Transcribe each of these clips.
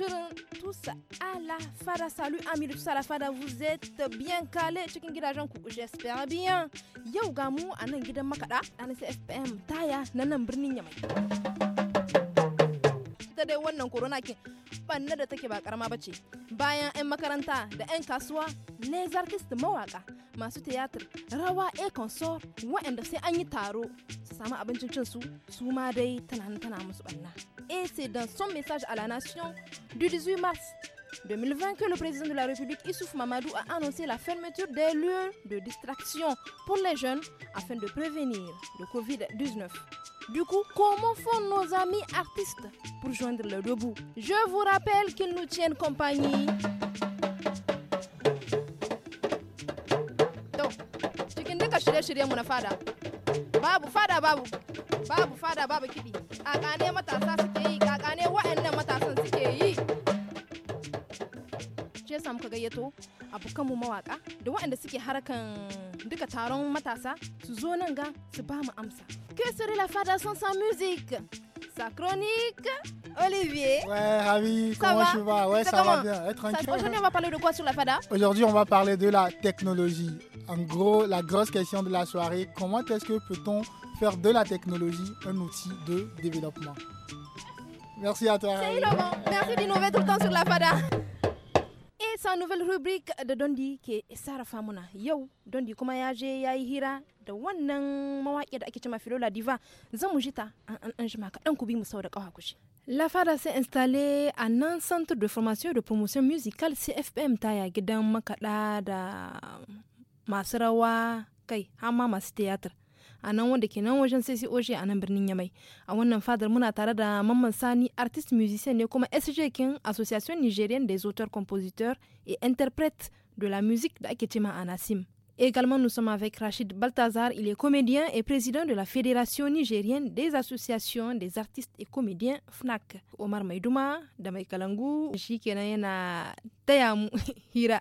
shirin tous à la fada salut amis de tous à la fada vous êtes bien calés cikin gidajen ku j'espère bien yau ga mu a nan gidan makada a fm taya na nan birnin yamai ita dai wannan corona ke banna da take ba karama bace bayan 'yan makaranta da 'yan kasuwa les artistes mawaka masu tiyatir rawa e consort wa'anda sai an yi taro su samu abincin cin su su ma dai tana tana musu banna Et c'est dans son message à la nation du 18 mars 2020 que le président de la République Issouf Mamadou a annoncé la fermeture des lieux de distraction pour les jeunes afin de prévenir le Covid-19. Du coup, comment font nos amis artistes pour joindre le debout Je vous rappelle qu'ils nous tiennent compagnie. Donc, babu fada babu kiɗi kakane matasa suke yi ka kakane wa'annan matasan suke yi ce sam ka gayyato mu mawaka da waɗanda suke harkan duka taron matasa su zo nan ga su ba mu amsa que serait la fada sans sa musique sa chronique Olivier. Ouais, ravi. comment va? tu vas Ouais, ça, ça va bien. Ouais, tranquille. Aujourd'hui, on va parler de quoi sur la FADA Aujourd'hui, on va parler de la technologie. En gros, la grosse question de la soirée, comment est-ce que peut-on faire de la technologie un outil de développement. Merci à toi. Merci d'innover tout le temps sur la FADA. Et sa nouvelle rubrique de Dondi qui est Sarah Famuna. Yo, Dondi kuma ya je ya yi de da wannan mawaƙi da ake filo la Diva. Zan un un Un coup de jima ku bi La FADA s'est installée à un centre de formation de promotion musicale CFPM Taya gidan makaɗa da masu rawa kai har ma a nan wanda ke nan wajen sai a nan birnin Yamai. A wannan fadar muna tare da Mamman Sani artist musician ne kuma SJ kin Association Nigerian des auteurs compositeurs et interprètes de la musique da ake Anasim. Également, nous sommes avec Rachid Baltazar. Il est comédien et président de la Fédération nigérienne des associations des artistes et comédiens FNAC. Omar Maïdouma, Damay Kalangu, Shikenayena Hira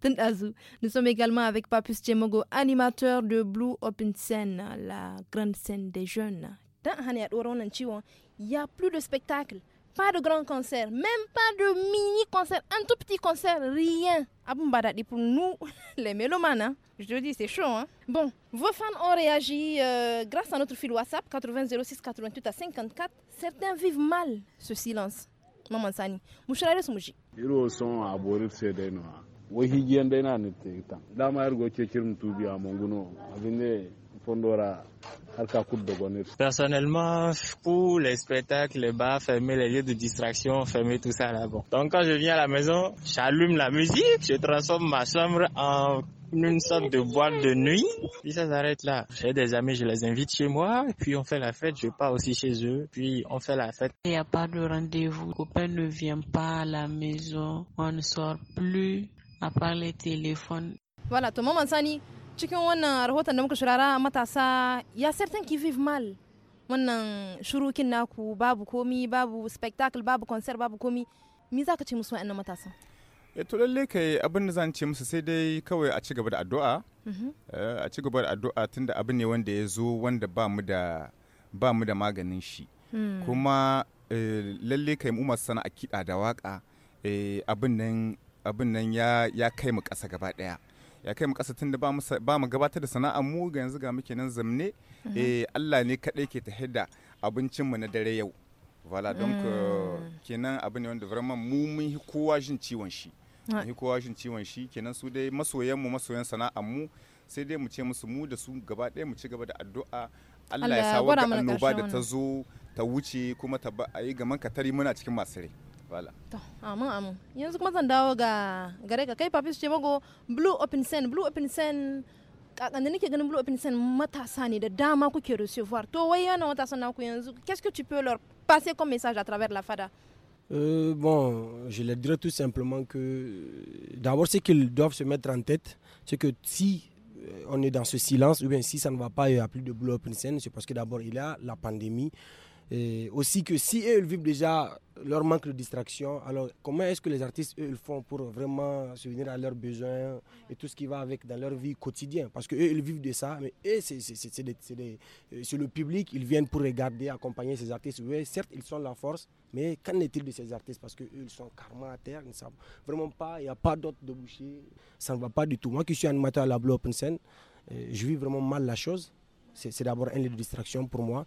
Tendazu. Nous sommes également avec Papus Tjemogo, animateur de Blue Open Scene, la grande scène des jeunes. Dans il y a plus de spectacles pas de grand concert, même pas de mini concert, un tout petit concert, rien. Aboumbaradi ah pour nous, les mélomanes, hein. je te dis, c'est chaud. Hein. Bon, vos fans ont réagi euh, grâce à notre fil WhatsApp 80 06 88 à 54. Certains vivent mal ce silence. Maman Sani, Mouchalare Soumouji. Oui, il y des gens là. il y a personnellement pour les spectacles les bars fermés les lieux de distraction fermés tout ça là bas donc quand je viens à la maison j'allume la musique je transforme ma chambre en une sorte de boîte de nuit. Puis ça s'arrête là. J'ai des amis, je les invite chez moi, et puis on fait la fête, je pars aussi chez eux, puis on fait la fête. Il n'y a pas de rendez-vous, copain ne vient pas à la maison, on ne sort plus, à part les téléphones. Voilà, tout le cikin wannan rahoton da muka shirara matasa ya certain ki vive mal wannan shurukin naku babu komi babu spectacle babu concert babu komi me zaka ce musu wa'annan matasan eh, to lalle kai abin da zan ce musu sai dai kawai a ci gaba da addu'a mhm. eh, a ci gaba da addu'a tunda abin ne wanda ya zo wanda ba mu da ba mu da maganin shi hmm. kuma eh, lalle kai mu masu sana'a kiɗa da waka abin nan abin nan ya kai mu ƙasa gaba ɗaya ya kai mu kasa tun da ba mu gabatar da sana'a mu ga yanzu ga muke nan zamne mhm. eh Allah ne kaɗai ke ta hidda abincin mu na dare yau don ku mm. euh, kenan abu ne wanda vraiment mu mun yi kowa jin ciwon shi mun ah. yi kowa jin ciwon shi kenan su dai masoyan mu masoyan sana'ar mu sai dai mu ce musu mu da su gaba ɗaya mu ci gaba da addu'a Allah ya sa wadda annoba da ta zo ta wuce kuma ta ba a yi gaman katari muna cikin masu rai Voilà. ah amin amin. Yanzu kuma zan dawo ga gare ka kai Papis ce mago Blue Open Sen, Blue Open Sen kakanda nake ganin Blue Open Sen matasa ne da dama kuke recevoir. To wai yana matasan naku yanzu, qu'est-ce que tu peux leur passer comme message à travers la FADA euh, bon, je leur dirais tout simplement que d'abord ce qu'ils doivent se mettre en tête, c'est que si euh, on est dans ce silence, ou bien si ça ne va pas, il n'y a plus de Blue Open Sen, c'est parce que d'abord il y a la pandémie, et aussi que si eux, ils vivent déjà leur manque de distraction, alors comment est-ce que les artistes, eux, ils font pour vraiment se venir à leurs besoins et tout ce qui va avec dans leur vie quotidienne Parce qu'eux, ils vivent de ça, mais eux, euh, c'est le public, ils viennent pour regarder, accompagner ces artistes. Oui, certes, ils sont la force, mais qu'en est-il de ces artistes Parce qu'eux, ils sont carrément à terre, ils ne savent vraiment pas, il n'y a pas de boucher, ça ne va pas du tout. Moi qui suis animateur à la Blue Open Scene, euh, je vis vraiment mal la chose c'est d'abord un lieu de distraction pour moi.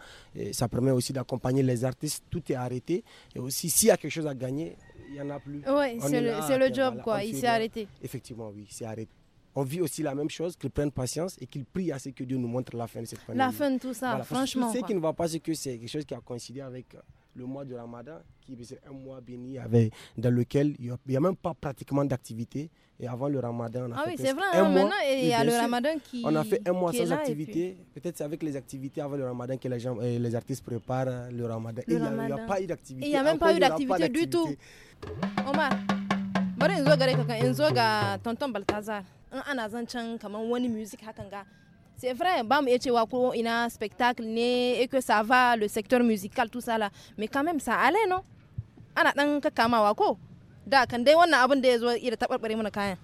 ça permet aussi d'accompagner les artistes. Tout est arrêté. Et aussi, s'il y a quelque chose à gagner, il n'y en a plus. Oui, c'est le, job, quoi. Il s'est arrêté. Effectivement, oui, c'est arrêté on vit aussi la même chose, qu'ils prennent patience et qu'ils prient à ce que Dieu nous montre la fin de cette pandémie. La fin de tout ça, franchement. franchement. Ce qu'il ne va pas, c'est que c'est quelque chose qui a coïncidé avec euh, le mois de Ramadan, qui est un mois béni dans lequel il n'y a, même pas pratiquement d'activité. Et avant le Ramadan, on a fait un mois, sans activité. Peut-être c'est avec les activités avant le Ramadan que les, gens, euh, les artistes préparent le Ramadan. il n'y a, pas eu d'activité. Il n'y a même pas eu d'activité du tout. Omar, tonton C'est vrai, bam et Chewako, il a un spectacle né et que ça va, le secteur musical, tout ça là. Mais quand même, ça allait, non Ana ɗan ka kama wako? Da kan dai wannan abin da ya zo iya taɓarɓare mana kayan.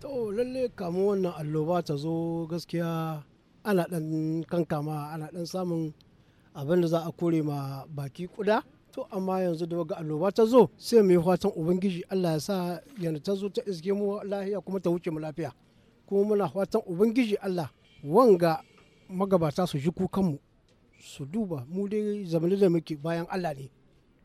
To lalle kama wannan alloba ta zo gaskiya ana ɗan kankama ana ɗan samun abin da za a kore ma baki kuda. to amma yanzu da waga annoba ta zo sai mai fatan ubangiji Allah ya sa yana ta zo ta iske mu lafiya kuma ta wuce mu lafiya kuma muna fatan ubangiji Allah wanga magabata su ji kukanmu su duba mu dai zamani da muke bayan allah ne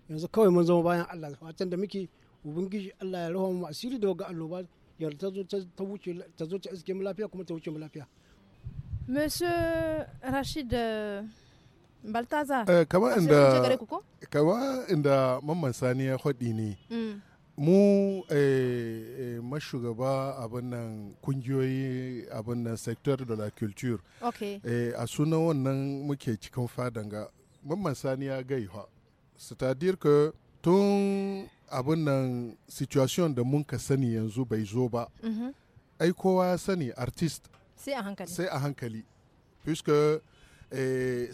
yanzu kawai mun zama bayan allah fatan da muke ubangiji allah ya rawa mu asiri da ga alloba yarda ta zo ta wuce ta zo ta iske mu lafiya kuma ta wuce mu lafiya monsieur rashid eh, baltaza eh, kamar inda kamar inda mamman sani ya hodi ne mm. mu eh, eh, mashugaba abin nan kungiyoyi abin nan sector de la culture okay. Eh, a sunan wannan muke cikin ga mamman sani ya gai c'est-à-dire que tun abin nan situation da mun ka sani yanzu bai zo ba mhm. ai kowa ya sani artist sai a hankali sai a hankali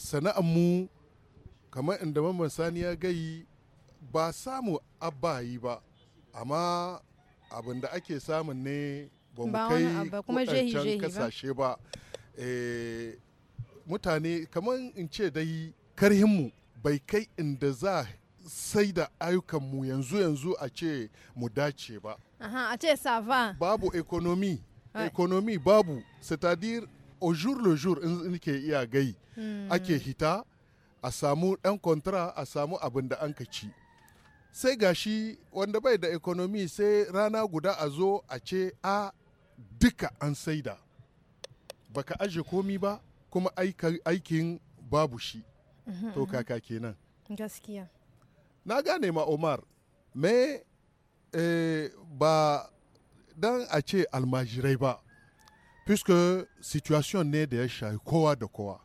sana'ar mu kamar inda mamman sani ya gai ba samu abayi ba amma abin da ake samun ne ba mu kai wadancan kasashe ba eh, mutane kamar in ce dai karhinmu bai kai inda za sai da ayyukanmu yanzu yanzu a ce mu dace ba a ce sava babu ekonomi ekonomi babu cest au jour le jour in ke iya gai hmm. ake hita a samu ɗan kontra a samu abin da an ka ci sai gashi wanda bai da economy sai rana guda a zo a ce a duka an saida baka aje komi ba kuma aikin babu shi mhm. to kaka kenan gaskiya na gane ma omar me eh, ba dan a ce almajirai ba puisque situation ne da ya shayi kowa da kowa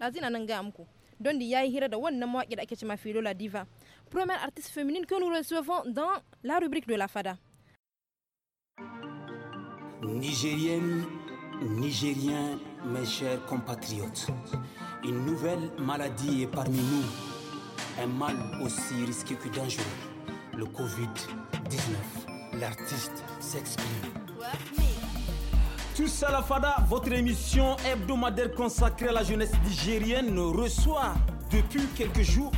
lazina nan ga muku don da ya yi hira da wannan mawaƙi da ake ma filola diva première artiste féminine que nous recevons dans la rubrique de la FADA. Nigérienne, Nigérien, mes chers compatriotes, une nouvelle maladie est parmi nous, un mal aussi risqué que dangereux, le Covid-19. L'artiste s'exprime. Tous à la Fada, votre émission hebdomadaire consacrée à la jeunesse nigérienne reçoit depuis quelques jours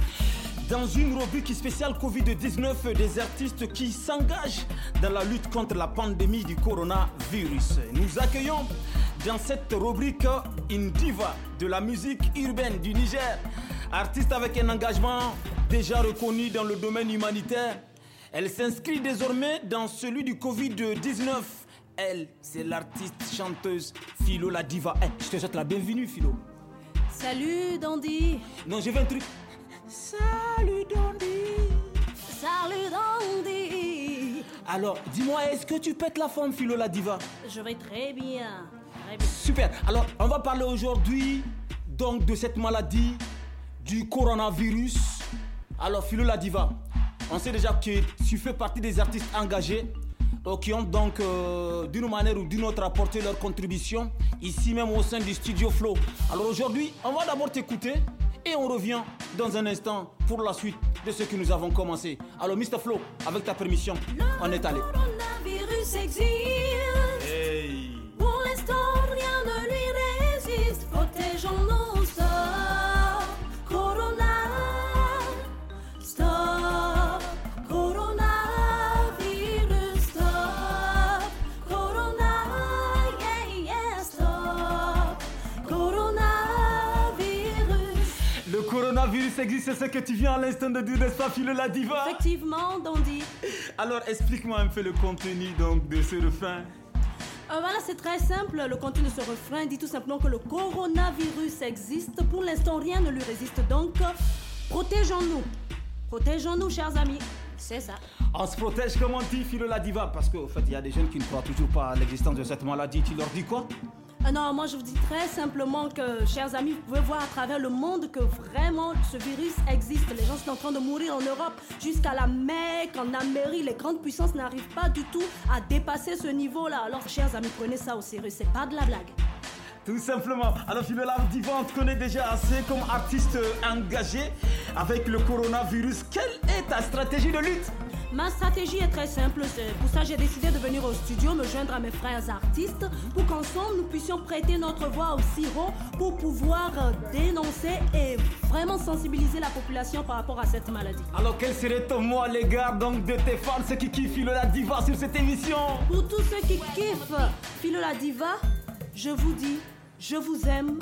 dans une rubrique spéciale Covid-19, des artistes qui s'engagent dans la lutte contre la pandémie du coronavirus. Nous accueillons dans cette rubrique une diva de la musique urbaine du Niger, artiste avec un engagement déjà reconnu dans le domaine humanitaire. Elle s'inscrit désormais dans celui du Covid-19. Elle, c'est l'artiste chanteuse Philo la diva. Eh, je te souhaite la bienvenue Philo. Salut Dandy. Non, j'ai vu un truc. Salut Dandy. Salut Dandy. Alors, dis-moi, est-ce que tu pètes la forme, Philo diva Je vais très bien. Super. Alors, on va parler aujourd'hui donc de cette maladie du coronavirus. Alors, Philo la diva, on sait déjà que tu fais partie des artistes engagés euh, qui ont donc euh, d'une manière ou d'une autre apporté leur contribution ici même au sein du studio Flow. Alors aujourd'hui, on va d'abord t'écouter et on revient dans un instant pour la suite de ce que nous avons commencé. Alors, Mr. Flo, avec ta permission, on est allé. existe, c'est ce que tu viens à l'instant de dire, n'est-ce pas, la diva Effectivement, Dandy. Alors, explique-moi un peu le contenu donc de ce refrain. Ah, voilà, c'est très simple. Le contenu de ce refrain dit tout simplement que le coronavirus existe. Pour l'instant, rien ne lui résiste. Donc, protégeons-nous. Protégeons-nous, chers amis. C'est ça. On se protège comme on dit, Philo la diva. Parce qu'au fait, il y a des jeunes qui ne croient toujours pas à l'existence de cette maladie. Tu leur dis quoi euh, non, moi je vous dis très simplement que, chers amis, vous pouvez voir à travers le monde que vraiment ce virus existe. Les gens sont en train de mourir en Europe, jusqu'à la Mecque, en Amérique. Les grandes puissances n'arrivent pas du tout à dépasser ce niveau-là. Alors, chers amis, prenez ça au sérieux, c'est pas de la blague. Tout simplement. Alors, Lave Divan, on connaît déjà assez comme artiste engagé. Avec le coronavirus, quelle est ta stratégie de lutte Ma stratégie est très simple, c'est pour ça j'ai décidé de venir au studio me joindre à mes frères artistes pour qu'ensemble nous puissions prêter notre voix au sirop pour pouvoir euh, dénoncer et vraiment sensibiliser la population par rapport à cette maladie. Alors quel serait ton mot les gars donc de tes fans, ceux qui kiffent la Diva sur cette émission Pour tous ceux qui kiffent Philola la Diva, je vous dis, je vous aime.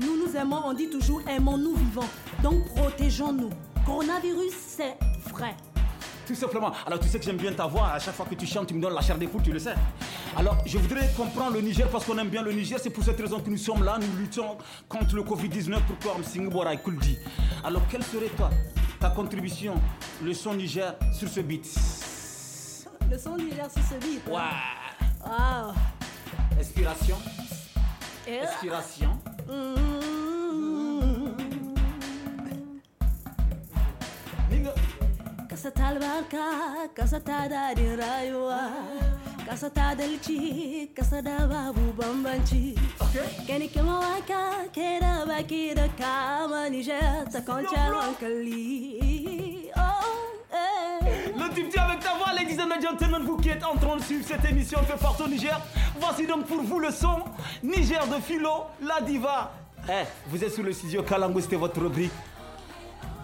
Nous nous aimons, on dit toujours aimons-nous vivants. Donc protégeons-nous. Coronavirus, c'est vrai. Tout simplement. Alors tu sais que j'aime bien ta voix. À chaque fois que tu chantes, tu me donnes la chair des fous, tu le sais. Alors je voudrais comprendre le Niger parce qu'on aime bien le Niger. C'est pour cette raison que nous sommes là. Nous luttons contre le Covid-19 pour que et Kuldi. Alors quelle serait toi ta contribution, le son Niger sur ce beat Le son Niger sur ce beat Waouh hein? wow. Inspiration. Inspiration kasatalbaalka kasataadhaadhin raayuwa kasataadalchi kasadhabaabu bambanchi kenikimawaka kedhabakida kaama Oh, eh. Le dit avec ta voix, ladies and gentlemen, vous qui êtes en train de suivre cette émission fait partout au Niger. Voici donc pour vous le son Niger de Philo, la diva. Eh, vous êtes sous le studio Kalango, c'était votre rubrique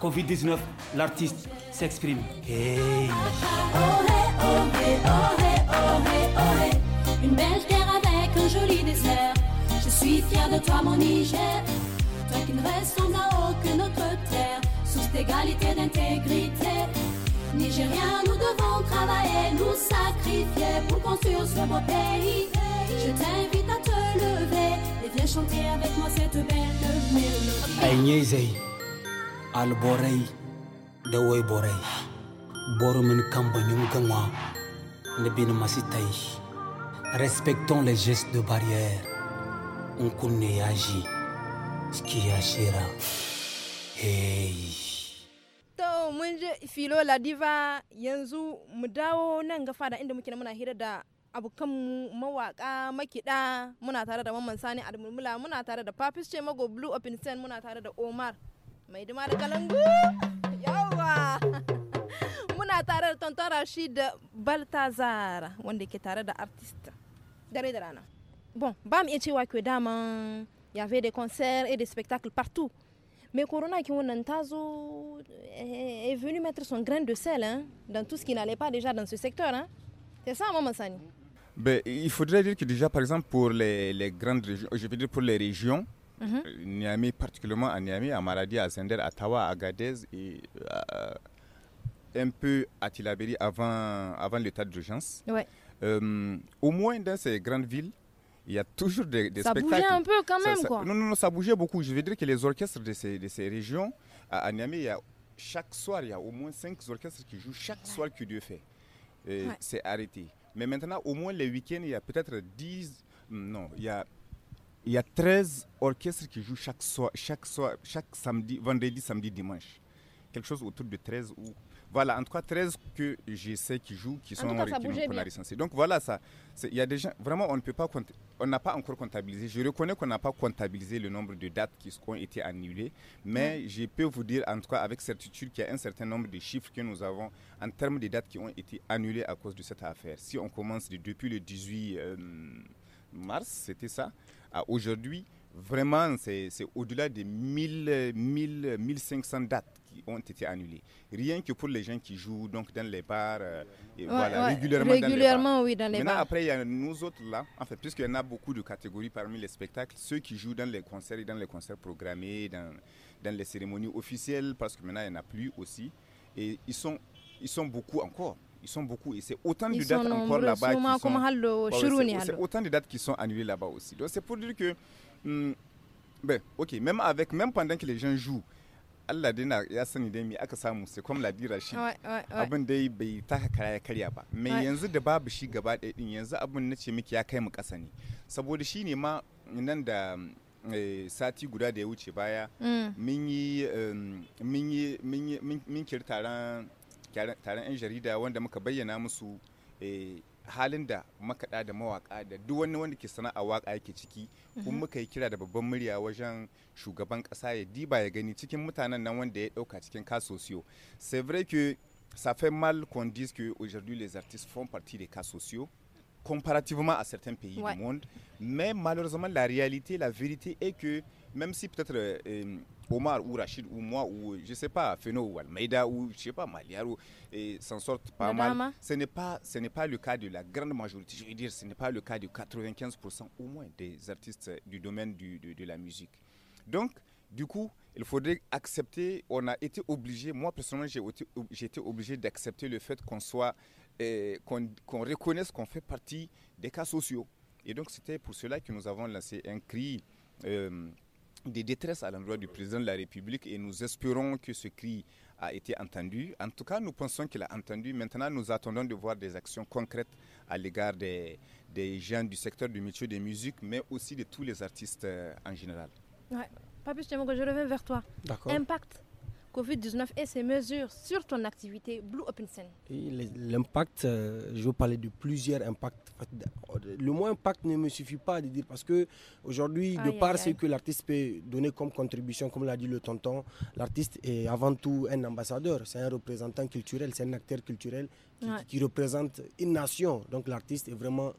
Covid-19, l'artiste s'exprime. Hey. Une belle terre avec un joli désert. Je suis fier de toi, mon Niger. Toi qui ne ressemble à aucune autre terre. Source d'égalité, d'intégrité. Nigériens, nous devons travailler, nous sacrifier pour construire ce beau pays. Je t'invite à te lever et viens chanter avec moi cette belle mélodie. alborai da waiborai borumin kambanin gangwa na bin masitai respectons les gestes de barrière ya yaji ski ya shera hey to mun je filo ladiva yanzu mu dawo nan ga da inda muke muna hira da abokanmu mawaka makida muna tare da mamman sani almulmula muna tare da papis ce mago blue open muna tare da omar mai duma da kalangu yawa muna tare da tonton rashid baltazar wanda ke tare da artist dare da rana bon ba mu e iya cewa ke dama ya fi da concert et des spectacles partout mais corona ki qui e on tazo est e venu mettre son grain de sel hein, dans tout ce qui n'allait pas déjà dans ce secteur hein. c'est ça maman Sani ben, il faudrait dire que déjà par exemple pour les, les grandes régions je veux dire pour les régions Mm-hmm. Niamey, particulièrement à Niamey, à Maradi, à Zender, à Tawa, à Gadez et euh, un peu à Tilaberi avant, avant l'état d'urgence. Ouais. Euh, au moins dans ces grandes villes, il y a toujours des, spectacles. Ça bougeait un peu quand même, quoi. Non, non, non, ça bougeait beaucoup. Je veux dire que les orchestres de ces, de ces régions, à, Niamey, il y a, chaque soir, il y a au moins cinq orchestres qui jouent chaque soir que Dieu fait. C'est arrêté. Mais maintenant, au moins les week-ends, il y a peut-être 10, non, il y a il y a 13 orchestres qui jouent chaque, soir, chaque, soir, chaque samedi, vendredi, samedi, dimanche. Quelque chose autour de 13 ou... Voilà, en tout cas 13 que j'essaie sais qui jouent, qui sont en cas, la Donc voilà, ça, il y a déjà, vraiment, on ne peut pas, on n'a pas encore comptabilisé. Je reconnais qu'on n'a pas comptabilisé le nombre de dates qui ont été annulées, mais je peux vous dire en tout cas avec certitude qu'il y a un certain nombre de chiffres que nous avons en termes de dates qui ont été annulées à cause de cette affaire. Si on commence depuis le 18 euh, mars, c'était ça aujourd'hui, vraiment, c'est au-delà des 1000, 1000, 1500 dates qui ont été annulées. Rien que pour les gens qui jouent donc dans les bars, euh, régulièrement, dans les bars. Maintenant, après, il y a nous autres là, en fait, puisqu'il y en a beaucoup de catégories parmi les spectacles, ceux qui jouent dans les concerts et dans les concerts programmés, dans, les cérémonies officielles, parce que maintenant, il n'y en a plus aussi. Et ils sont, ils sont beaucoup encore ils sont beaucoup et c'est autant de dates encore là-bas sont c'est autant de dates qui sont annulées là-bas aussi donc c'est pour dire que hmm, ben ok même avec même pendant que les gens jouent Allah dina na ya sani dai me aka samu sai kuma ladira shi abin dai bai taka karya karya ba mai yanzu da babu shi gaba ɗaya din yanzu abin nace miki ya kai mu ƙasa ne saboda shi ne ma nan da eh, sati guda da ya wuce baya hmm. eh, mun yi mun yi mun kirtaran taron 'yan jarida wanda muka bayyana musu eh, halin da makaɗa da mawaƙa da duk wani wanda ke sana'a waƙa yake ciki kuma mhm. muka yi kira da babban murya wajen shugaban ƙasa ya diba ya gani cikin mutanen nan wanda ya ɗauka cikin kasosiyo c'est vrai que ça fait mal qu'on dise que aujourd'hui les artistes font partie des cas sociaux comparativement à certains pays du monde mais malheureusement la réalité la vérité est que même si peut-être euh, euh, Omar ou Rachid ou moi ou je sais pas Feno ou Almeida ou je sais pas Maliar ou s'en sortent pas mal. Ce n'est pas ce n'est pas le cas de la grande majorité. Je veux dire, ce n'est pas le cas de 95% au moins des artistes du domaine de, de, la musique. Donc, du coup, il faudrait accepter. On a été obligé. Moi personnellement, j'ai été obligé d'accepter le fait qu'on soit euh, qu'on reconnaisse qu'on fait partie des cas sociaux. Et donc, c'était pour cela que nous avons lancé un cri des détresse à l'endroit du président de la République et nous espérons que ce cri a été entendu. En tout cas, nous pensons qu'il a entendu. Maintenant, nous attendons de voir des actions concrètes à l'égard des, gens du secteur du métier des musiques, mais aussi de tous les artistes euh, en général. Ouais. Papus, je reviens vers toi. D'accord. Impact Covid-19 et ses mesures sur ton activité Blue Open Scene L'impact, euh, je veux parler de plusieurs impacts. Le mot impact ne me suffit pas de dire parce que aujourd'hui, de part par ce que l'artiste peut donner comme contribution, comme l'a dit le tonton, l'artiste est avant tout un ambassadeur, c'est un représentant culturel, c'est un acteur culturel qui représente une nation. Donc l'artiste est vraiment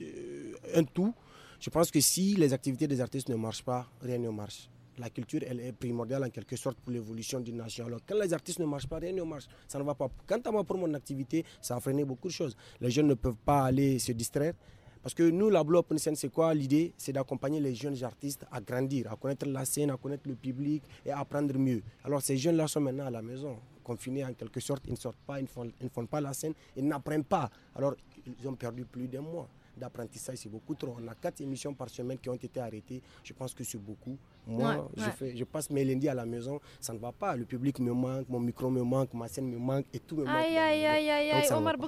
euh, un tout. Je pense que si les activités des artistes ne marchent pas, rien ne marche la culture, elle est primordiale en quelque sorte pour l'évolution d'une nation. Alors, quand les artistes ne marchent pas, rien ne marche. Ça ne va pas. Quant à moi, pour mon activité, ça a freiné beaucoup de choses. Les jeunes ne peuvent pas aller se distraire. Parce que nous, la Blue Open Scene, c'est quoi L'idée, c'est d'accompagner les jeunes artistes à grandir, à connaître la scène, à connaître le public et à apprendre mieux. Alors, ces jeunes-là sont maintenant à la maison, confinés en quelque sorte. Ils ne sortent pas, ils ils ne font pas la scène, ils n'apprennent pas. Alors, ils ont perdu plus d'un mois d'apprentissage, c'est beaucoup trop. On a quatre émissions par semaine qui ont été arrêtées. Je pense que c'est beaucoup. Moi, je, Fais, je passe mes lundis à la maison, ça ne va pas. Le public me manque, mon micro me manque, ma scène me manque et tout me manque. Aïe, aïe, aïe, aïe, aïe, Omar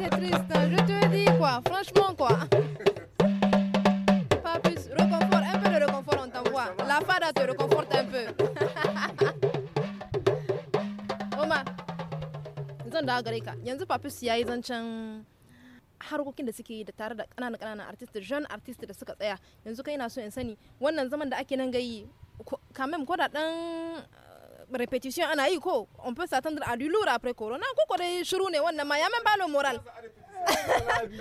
C'est triste, hein. je te dis quoi, franchement quoi. Pas plus, reconfort, un peu de reconfort, on t'envoie. La fada te reconforte un peu. Omar, zan da gare ka, yanzu papus yayi zancen harkokin da suke yi da tare da ƙananan ƙananan artist da jeune artist da suka tsaya yanzu kai na so in sani wannan zaman da ake nan gayi kamen ko da dan eh, repetition ana yi ko on peut s'attendre à du lourd après corona ko ko dai shiru ne wannan ma ya men balo moral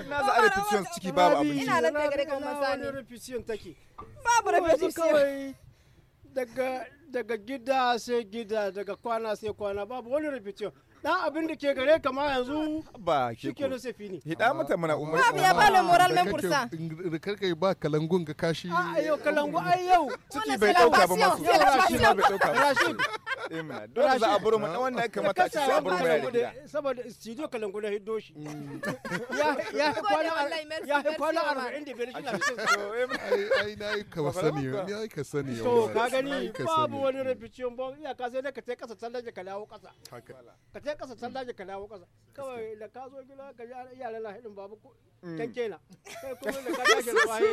na za a repetition ciki babu abin ina da kuma sani na repetition take babu repetition daga daga gida sai gida daga kwana sai kwana babu wani repetition dan abin da ke gare kama yanzu ba ke ko sai fini hida mata mana umar ba ya bala moral men kursa rikar kai ba kalangun ga kashi a ah, yau kalangu ai yau ciki bai dauka ba masu rashi na bai dauka ba rashi eh, dole za a buru mu dan wanda ya kamata shi sai a buru saboda studio kalangun na hiddo shi mm. ya yi kwana ya kwana biyar shi na ai eh, nayi sani ya ka sani ka gani babu wani raficin bon iya ka sai ka tai kasa tallaje ka dawo kasa sai kasa san daji ka dawo kasa kawai da ka zo gida ka ji iyalan na hidin babu mm. can kena sai kuma da ka tashi da waye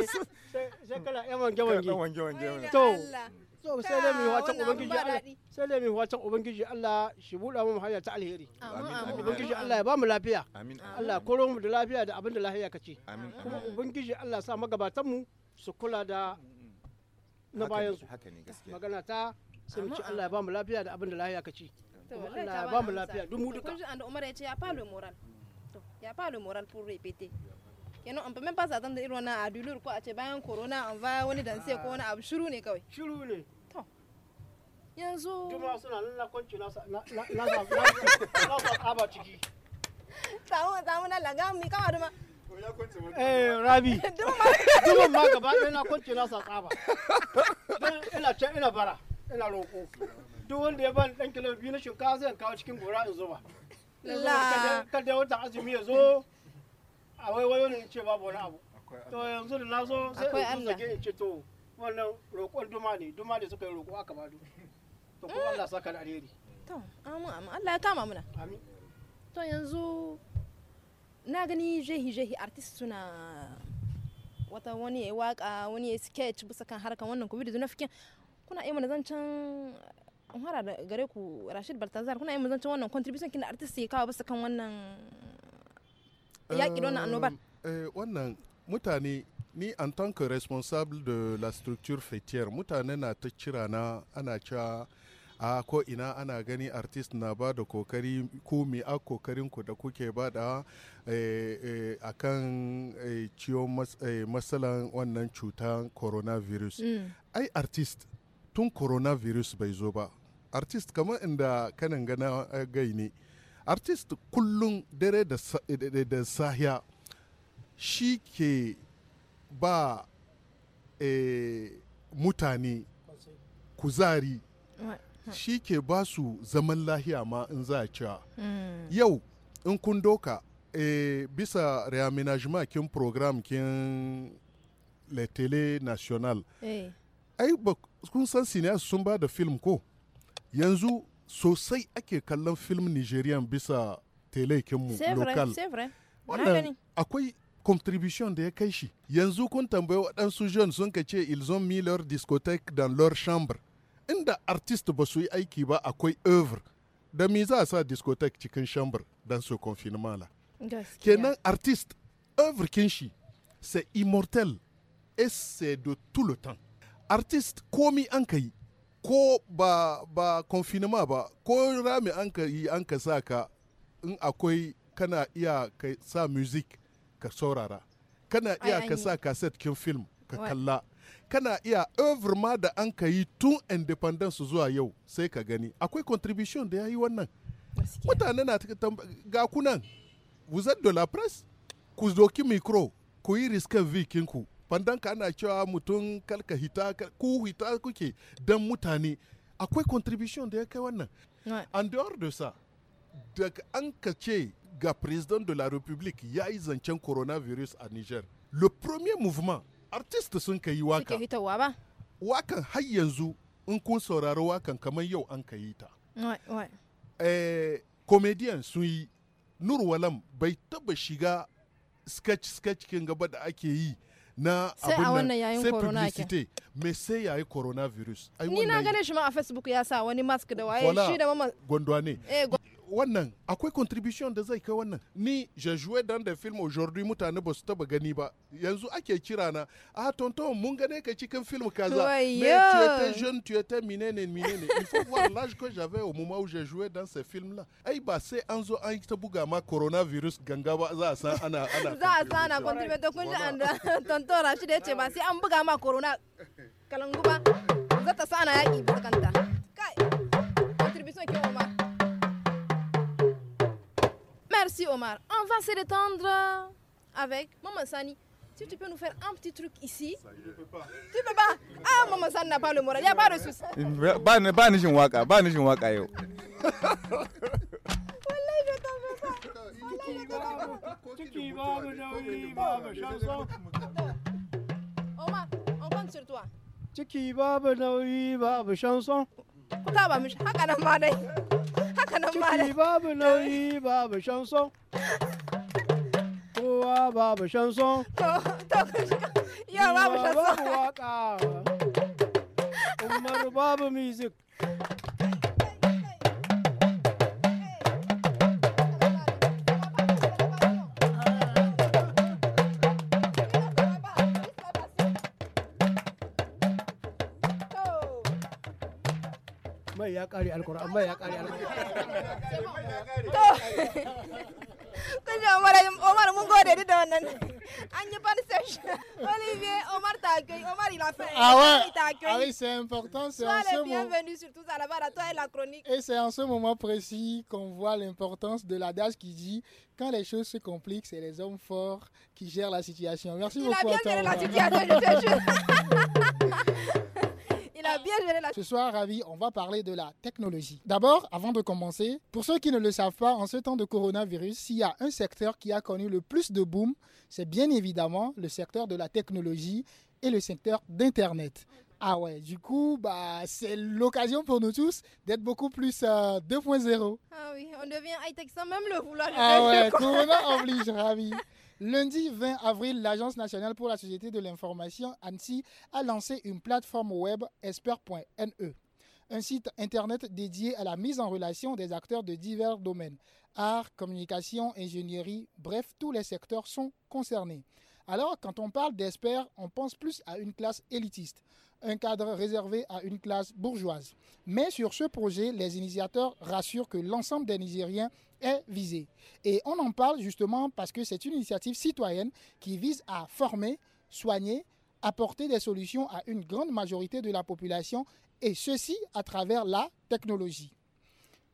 sai kana yan wange wange to to sai dai mi wata ubangiji Allah sai da mi wata ubangiji Allah shi buɗa mu hanya ta alheri ubangiji Allah ya ba mu lafiya Allah koro mu da lafiya da abin da lafiya ka amin kuma ubangiji Allah sa magabatan mu su kula da mm, mm, na bayan su magana ta sai mu ci Allah ya ba mu lafiya da abin da lafiya ka to ba mu lafiya duk mu duka ya ce ya moral to ya falo moral pour répéter kenan an même pas attendre irin wannan a dulur ko a ce bayan corona an va wani danse ko wani abu shiru ne kawai yanzu kuma suna na kwanci na na na na ciki eh, Rabi, ma gaba ɗaya kwanci na sa tsaba. Ina can ina bara, ina roƙo. duk wanda ya bani dan kilo biyu na shinkafa zan kawo cikin gora in zuba kada wata azumi ya zo a waiwayo ce babu wani abu to yanzu da na zo sai in zage in ce to wannan roƙon duma ne duma ne suka yi roƙo aka to mm. Allah saka da alheri to amin amin Allah ya kama muna amin to yanzu na gani jehi jehi artist suna wata wani ya waka wani ya sketch bisa kan harkan wannan covid-19 kuna iya mana zancen umara da gare ku Rashid Baltazar kuna yin mazancin wannan contribution kin artist ya kawo basu kan wannan yaƙi wannan annobar eh, eh, wannan mutane ni en tant que responsable de la structure fêtière mutane na ta kira na ana cewa a ko ina ana gani artist na ba da kokari ko mi a kokarin ku da kuke ba da eh, a kan ciwon matsalan wannan cutar coronavirus mm. ai artist tun coronavirus bai zo ba artist kamar inda kanan gana eh, gai ne artist kullum dare da eh, sahiya shi ke ba eh, mutane kuzari shi ke ba su zaman lahiya ma in za a cewa mm. yau in kun doka e, bisa reaminajima kin program kin le tele national ai ba kun san sinias sun ba da film ko yanzu sosai ake kallon film nigerian bisa telekinmu local akwai contribution da ya kai shi yanzu kun tambayi waɗansu john sun ka ce ils ont mis leur discothèque dans leur chambre inda artiste ba su yi aiki ba akwai oeuvre da mi za a sa discothèque cikin chambre dans su confinement la kenan artist oeuvre kin shi c'est immortel et c'est de tout le temps artist komi an ka ko ba ba confinement ba ko rami an ka yi an ka sa in akwai kana iya ka sa music ka saurara kana iya ka sa cassette kin film ka kalla kana iya oeuvre ma da an ka yi tun independence zuwa yau sai ka gani akwai contribution da ya yi wannan mutane na ga kunan vous êtes de la presse ku doki micro ku yi riskan ku. fandanka ana cewa mutum kalka hita ku hita kuke dan mutane akwai contribution da ya kai wannan an dehors de sa daga an ka ce ga president de la republique ya yi zancen coronavirus a niger le premier mouvement artist sun ka yi waka wakan har yanzu in kun saurari wakan kamar yau an ka yi ta eh, comedian sun yi nur walam bai taba shiga sketch sketch kin gaba da ake yi na abin nan sai publicity me sai yayi coronavirus ai ni na gane shi ma a facebook ya sa wani mask da waye eh, shi da mama gondwane eh, wannan akwai contribution da zai kai wannan ni je jouer dans des films aujourd'hui mutane ba su taba gani ba yanzu ake kira na ah tonton mun gane ka cikin film kaza mais tu étais jeune tu étais minene minene il faut voir l'âge que j'avais au moment où j'ai joué dans ces films là ai ba sai an zo an ta buga ma coronavirus ganga ba za a san ana ana za a san ana contribution kun ji tonto tonton Rashid ya ah ce ba sai an buga ma corona kalangu ba za ta sa ana yaki bisa kanta Merci Omar. On va se détendre avec Maman Sani. Si tu peux nous faire un petit truc ici. Tu peux pas Ah, Maman Sani n'a pas le moral. Il n'y a pas de souci. Pas waka. Pas waka. Yo. Omar, on compte sur toi. va va Chanson. ku ba mishi haka nan ma dai haka nan ma dai babu nauyi babu shanson kowa babu shanson to ku shiga yau babu shanson babu waka umar babu music mai ya kare alkur'an mai ya kare alkur'an kun ji Omar Omar mun gode duk wannan an yi session Olivier Omar t'a accueilli Omar il a fait ah ouais t'a accueilli ah oui c'est important c'est en ce moment bienvenue surtout à la barre à toi et la chronique et c'est en ce moment précis qu'on voit l'importance de l'adage qui dit quand les choses se compliquent c'est les hommes forts qui gèrent la situation merci beaucoup il a Ce soir, Ravi, on va parler de la technologie. D'abord, avant de commencer, pour ceux qui ne le savent pas, en ce temps de coronavirus, s'il y a un secteur qui a connu le plus de boom, c'est bien évidemment le secteur de la technologie et le secteur d'Internet. Ah ouais, du coup, bah, c'est l'occasion pour nous tous d'être beaucoup plus 2.0. Euh, ah oui, on devient high-tech sans même le vouloir. Ah ouais, Corona oblige, ravi. Lundi 20 avril, l'Agence nationale pour la société de l'information, ANSI, a lancé une plateforme web esper.ne, un site internet dédié à la mise en relation des acteurs de divers domaines, art, communication, ingénierie, bref, tous les secteurs sont concernés. Alors, quand on parle d'ESPER, on pense plus à une classe élitiste, un cadre réservé à une classe bourgeoise. Mais sur ce projet, les initiateurs rassurent que l'ensemble des Nigériens est visée. Et on en parle justement parce que c'est une initiative citoyenne qui vise à former, soigner, apporter des solutions à une grande majorité de la population, et ceci à travers la technologie.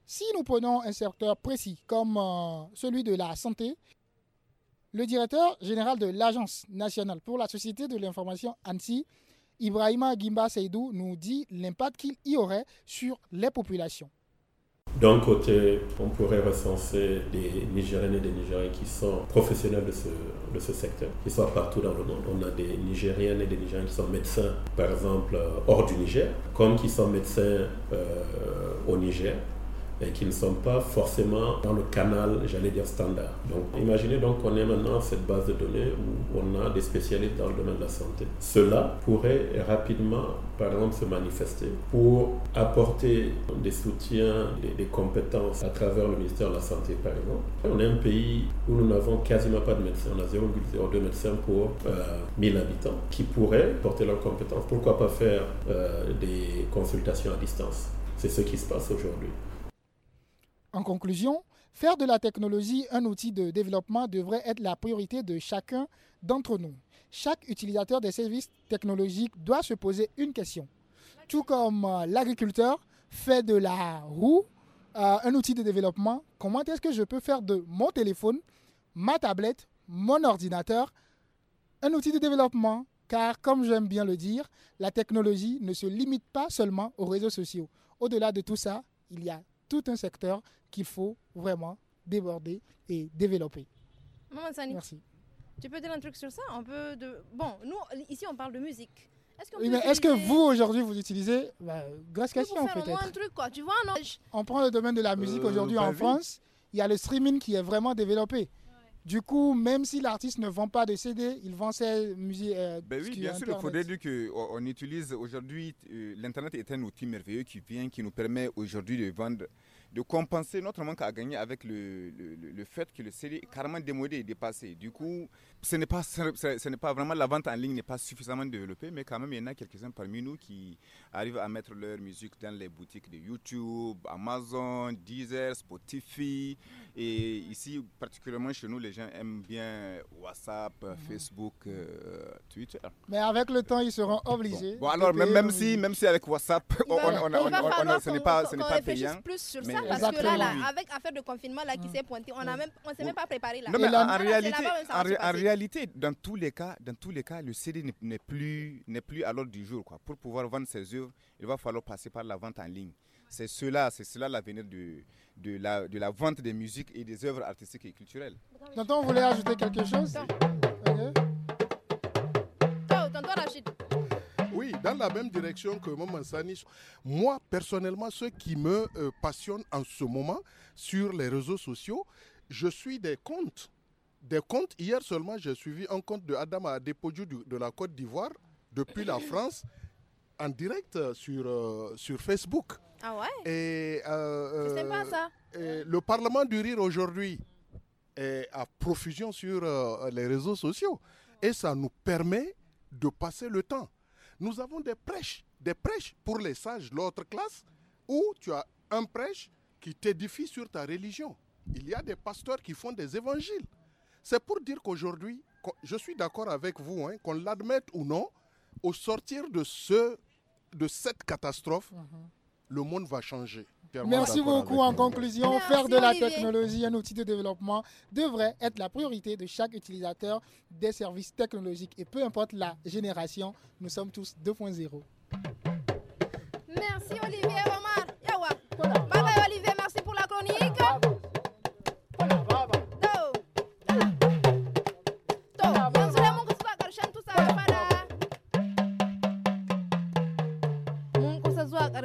Si nous prenons un secteur précis comme euh, celui de la santé, le directeur général de l'Agence nationale pour la société de l'information ANSI, Ibrahima Gimba Seydou, nous dit l'impact qu'il y aurait sur les populations. D'un côté, on pourrait recenser des Nigériennes et des Nigériens qui sont professionnels de ce, secteur, qui sont partout dans le monde. On a des Nigériennes et des Nigériens qui sont médecins, par exemple, euh, hors du Niger, comme qui sont médecins euh, au Niger, et qui ne sont pas forcément dans le canal, j'allais dire, standard. Donc imaginez donc qu'on ait maintenant cette base de données où on a des spécialistes dans le domaine de la santé. Cela pourrait rapidement, par exemple, se manifester pour apporter des soutiens, des, compétences à travers le ministère de la Santé, par exemple. On est un pays où nous n'avons quasiment pas de médecins, on a 0,02 médecins pour 1000 euh, habitants qui pourraient porter leurs compétences. Pourquoi pas faire euh, des consultations à distance C'est ce qui se passe aujourd'hui. En conclusion, faire de la technologie un outil de développement devrait être la priorité de chacun d'entre nous. Chaque utilisateur des services technologiques doit se poser une question. Tout comme euh, l'agriculteur fait de la roue euh, un outil de développement, comment est-ce que je peux faire de mon téléphone, ma tablette, mon ordinateur, un outil de développement Car comme j'aime bien le dire, la technologie ne se limite pas seulement aux réseaux sociaux. Au-delà de tout ça, il y a tout un secteur qu'il faut vraiment déborder et développer. Merci. Tu peux dire un truc sur ça On peu de... Bon, nous, ici, on parle de musique. Est-ce que vous, aujourd'hui, vous utilisez bah, Grosse question, peut-être. un truc, Tu vois, On prend le domaine de la musique euh, aujourd'hui en France. Il y a le streaming qui est vraiment développé. Du coup, même si l'artiste ne vend pas de CD, il vend ses musées euh, ben bien sûr, il faudrait dire qu'on euh, utilise aujourd'hui, euh, l'Internet est un outil merveilleux qui vient, qui nous permet aujourd'hui de vendre, de compenser notre manque à gagner avec le, fait que le CD est carrément démodé et dépassé. Du coup, ce n'est pas, ce n'est pas vraiment la vente en ligne n'est pas suffisamment développée, mais quand même il y en a quelques-uns parmi nous qui arrivent à mettre leur musique dans les boutiques de YouTube, Amazon, Deezer, Spotify. Et ici, particulièrement chez nous, les gens aiment bien WhatsApp, mhm. Facebook, euh, Twitter. Mais avec le temps, ils seront obligés. Bon, alors même, si, même si avec WhatsApp, on, on, on, on ce n'est pas, ce n'est pas plus sur ça parce que là, avec affaire de confinement là qui mm. s'est pointée, on ne mm. s'est même pas préparé là. Non, mais en, en réalité, en réalité réalité, dans tous les cas, dans tous les cas le CD n'est plus, plus à l'ordre du jour. Quoi. Pour pouvoir vendre ses œuvres, il va falloir passer par la vente en ligne. C'est cela, c'est cela l'avenir de, de, la, de la vente des musiques et des œuvres artistiques et culturelles. Tonton, vous voulez ajouter quelque chose oui, dans la même direction que Maman Sanich. Moi, personnellement, ce qui me euh, passionne en ce moment sur les réseaux sociaux, je suis des comptes des comptes. Hier seulement, j'ai suivi un compte de Adam Depodjou de la Côte d'Ivoire depuis la France en direct euh, sur, euh, sur Facebook. Ah ouais Et, euh, sais pas ça. le Parlement du Rire aujourd'hui est à profusion sur les réseaux sociaux. Et ça nous permet de passer le temps. Nous avons des prêches, des prêches pour les sages, l'autre classe, où tu as un prêche qui t'édifie sur ta religion. Il y a des pasteurs qui font des évangiles. C'est pour dire qu'aujourd'hui, je suis d'accord avec vous, hein, qu'on l'admette ou non, au sortir de, ce, de cette catastrophe, mhm. le monde va changer. Merci beaucoup. En conclusion, faire de la technologie un outil de développement devrait être la priorité de chaque utilisateur des services technologiques. Et peu importe la génération, nous sommes tous 2.0. Merci Olivier.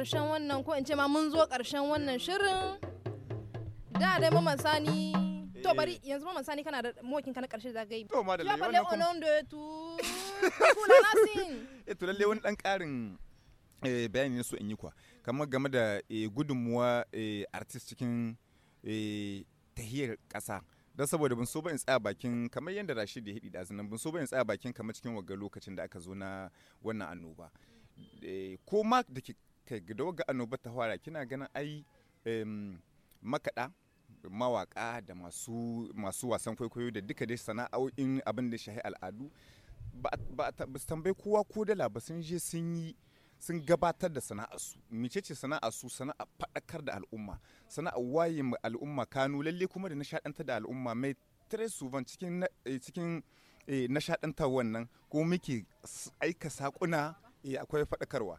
karshen wannan ko in ce ma mun zo karshen wannan shirin da dai maman sani to bari eh. yanzu maman sani kana da mokin ka na ƙarshe da gai to madalla wannan kuma onon da tu kula nasin eh to lalle wani dan ƙarin eh, bayani ne so in yi kwa kamar game da eh, gudunmuwa eh artist cikin eh tahiyar kasa da saboda ban so ba in tsaya bakin kamar yadda Rashid ya hidi dazunan ban so ba in tsaya bakin kamar cikin wagga lokacin da aka zo na wannan annoba ko ma da ke kai da wagga annoba ta fara kina ganin ai makaɗa mawaka da masu masu wasan kwaikwayo da duka dai sana'o'in abin da shahi al'adu ba su tambayi kowa ko dala ba sun je sun yi sun gabatar da sana'arsu mecece sana'arsu sana'a faɗakar da al'umma sana'a waye al'umma kanu lalle kuma da nishaɗantar da al'umma mai tare suvan cikin eh, cikin eh, nishaɗantar wannan ko muke aika sakuna eh, akwai faɗakarwa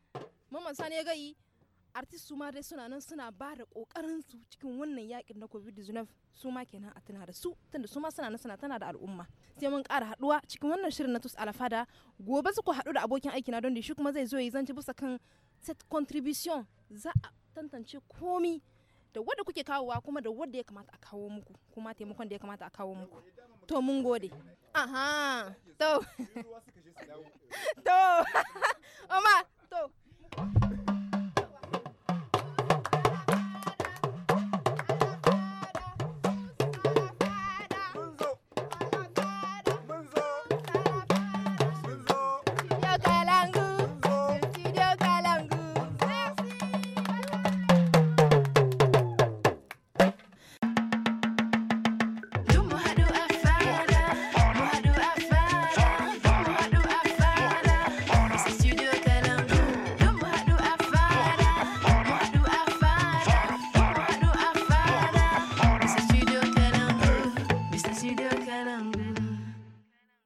Maman Sani ya gai artist su ma dai suna nan suna ba da kokarin su cikin wannan yakin na covid-19 su ma kenan a tana da su tunda su ma suna nan suna tana da al'umma sai mun ƙara haduwa cikin wannan shirin na tus alfada gobe su ku haɗu da abokin aiki na don da shi kuma zai zo yi zanci bisa kan set contribution za a tantance komi da wadda kuke kawowa kuma da wadda ya kamata a kawo muku kuma taimakon da ya kamata a kawo muku to mun gode aha to to amma to Huh?